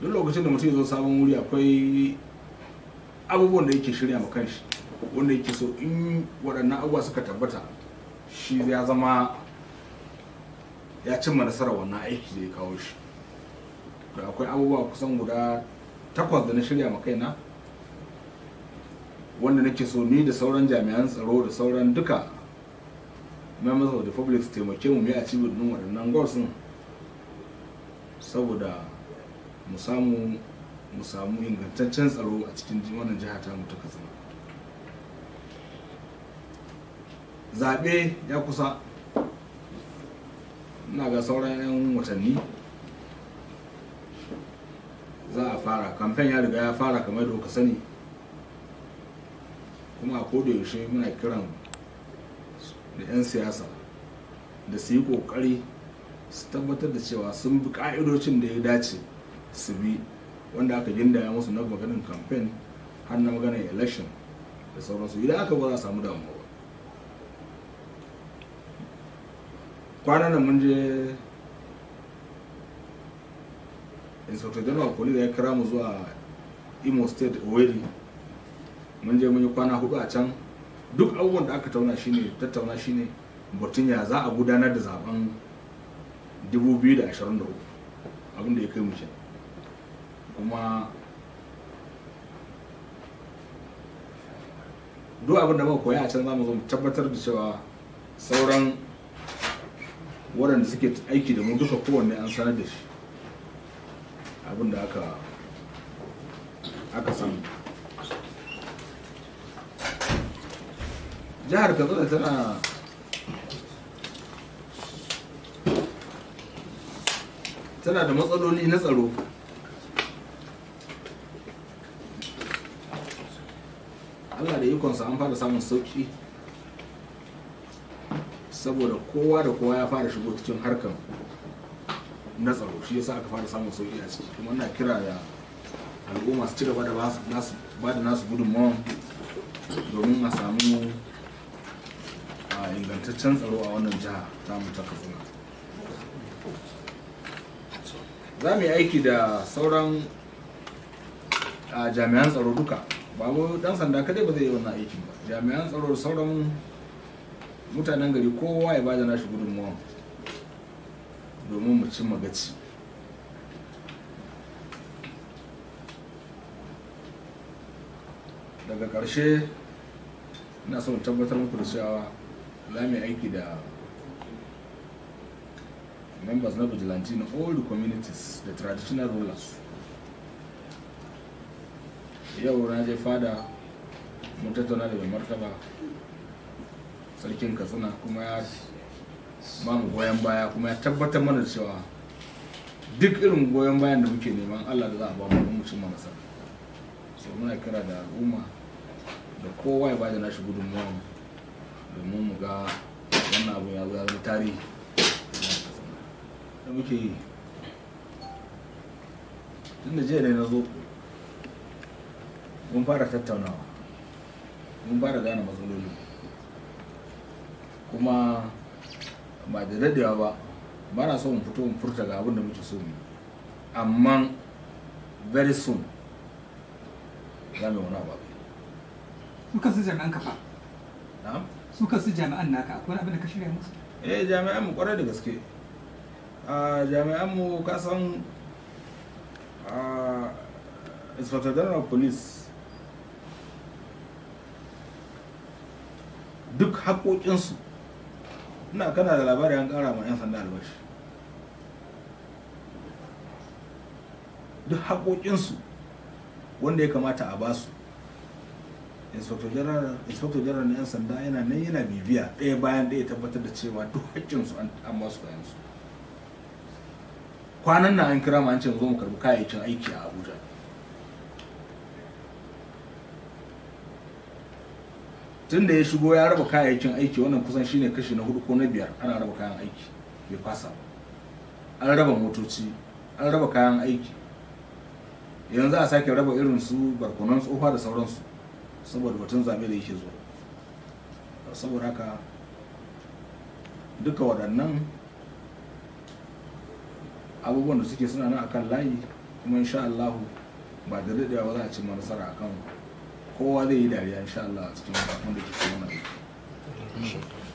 duk lokacin da mutum ya zo sabon wuri akwai abubuwan da yake shirya ma kanshi wanda yake so in waɗannan abubuwa suka tabbata shi ya zama ya cimma nasara wannan aiki da ya kawo shi da akwai abubuwa kusan guda takwas da na shirya ma kaina wanda nake so ni da sauran jami'an tsaro da sauran duka members of the public taimake mu mai a cibin waɗannan goals saboda mu samu mu ingantaccen tsaro a cikin wannan jiha ta ta katsina zaɓe ya kusa ina ga sauran 'yan watanni za a fara kamfen ya riga ya fara kamar da ka sani kuma a yaushe muna kiran da 'yan siyasa da su yi ƙoƙari su tabbatar da cewa sun bi ƙa'idocin da ya dace su bi wanda aka gindaya musu na maganin campaign har na maganin election da sauransu idan aka ba za a samu damuwa ba kwanan nan mun je inspector general da ya kira mu zuwa imo state oweri mun je mun yi kwana hudu a can duk abubuwan da aka tauna shine tattauna shine batun ya za a gudanar da zaben 2023 abinda ya kai mu kenan kuma duk abin da muka koya a can za mu zo tabbatar da cewa sauran waɗanda suke aiki da mu duka kowanne an sanar da shi abin da aka aka samu jihar katsina tana tana da matsaloli na tsaro allah da ikonsa an fara samun sauki saboda kowa da kowa ya fara shigo cikin harkar na tsaro shi yasa aka fara samun sauki a ciki kuma ina kira da al'umma su ci gaba da ba da nasu gudunmawa domin a samu ingantaccen tsaro a wannan jiha ta mu ta kafuna za mu yi aiki da sauran jami'an tsaro duka ba mu dan sanda kadai ba zai yi wannan aikin ba jami'an tsaro da sauran mutanen gari kowa ya bada nashi gudunmawa domin mu cimma gaci daga ƙarshe ina son tabbatar muku da cewa za mu aiki da members na vigilante na all the communities the traditional rulers yau na je fada mun tattauna da mai martaba sarkin katsina kuma ya ba mu goyon baya kuma ya tabbatar mana cewa duk irin goyon bayan da muke neman allah da za a ba mu mu cimma nasa so muna kira da al'umma da kowa ya bada nashi gudunmawa domin mu ga wannan abu ya zai tarihi da muke yi tun da jiya ne na zo mun fara tattaunawa mun fara gane matsaloli kuma ba da daddawa ba ba na so mu fito mu furta ga abin da muke so mu amma very soon za mu wani abu su jami'an kafa su jami'an naka akwai abin da ka shirya musu eh jami'an mu kwarai da gaske a jami'an mu kasan a inspector general police haƙoƙinsu ina kana da labari an ƙara ma 'yan sanda albashi duk haƙoƙinsu wanda ya kamata a basu inspector general na 'yan sanda yana nan yana bibiya ɗaya bayan ɗaya tabbatar da cewa duk haƙƙinsu an masu bayansu kwanan na an kira ma an ce zo mu karɓi kayayyakin aiki a abu tun da ya shigo ya raba kayayyakin aiki wannan kusan shine kashi na hudu ko na biyar ana raba kayan aiki bai fasa an raba motoci an raba kayan aiki yanzu a sake raba irin su barkonon tsofa da sauransu saboda batun zaɓe da yake zuwa saboda haka duka waɗannan abubuwan da suke suna nan akan layi kuma insha Allahu ba da daɗewa ba za a ci nasara akan kowa zai yi dariya insha Allah a cikin abin da ke cikin wannan